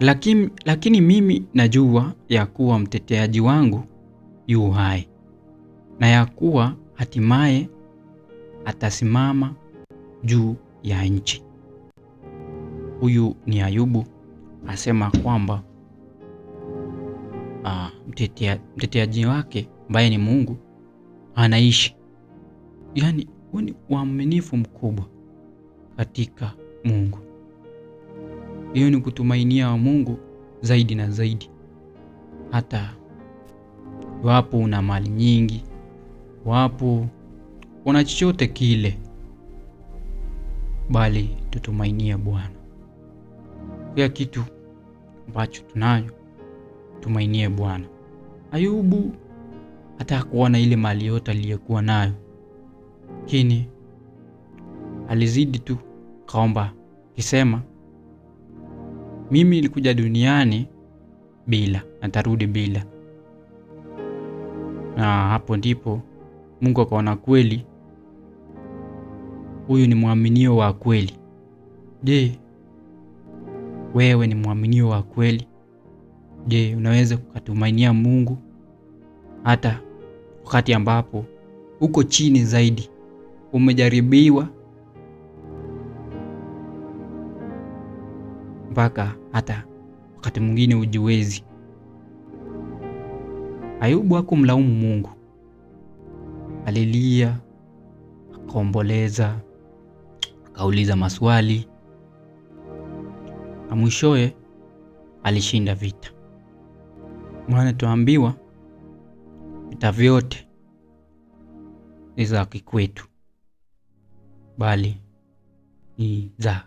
Lakini, lakini mimi najua ya kuwa mteteaji wangu yu hai na ya kuwa hatimaye atasimama juu ya nchi. Huyu ni Ayubu asema kwamba uh, mtetea, mteteaji wake ambaye ni Mungu anaishi. Yaani, huyu ni uaminifu mkubwa katika Mungu hiyo ni kutumainia Mungu zaidi na zaidi. Hata iwapo una mali nyingi, wapo una chochote kile, bali tutumainie Bwana. Kila kitu ambacho tunayo tumainie Bwana. Ayubu hata na ile mali yote aliyokuwa nayo, lakini alizidi tu kaomba kisema mimi nilikuja duniani bila natarudi bila. Na hapo ndipo Mungu akaona kweli huyu ni mwaminio wa kweli. Je, wewe ni mwaminio wa kweli? Je, unaweza kukatumainia Mungu hata wakati ambapo uko chini zaidi, umejaribiwa mpaka hata wakati mwingine hujiwezi. Ayubu hakumlaumu Mungu, alilia akaomboleza, akauliza maswali na mwishowe alishinda vita. Maana tuambiwa vita vyote ni za kikwetu, bali ni za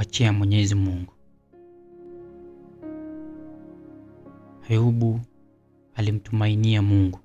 kuachia Mwenyezi Mungu. Ayubu alimtumainia Mungu.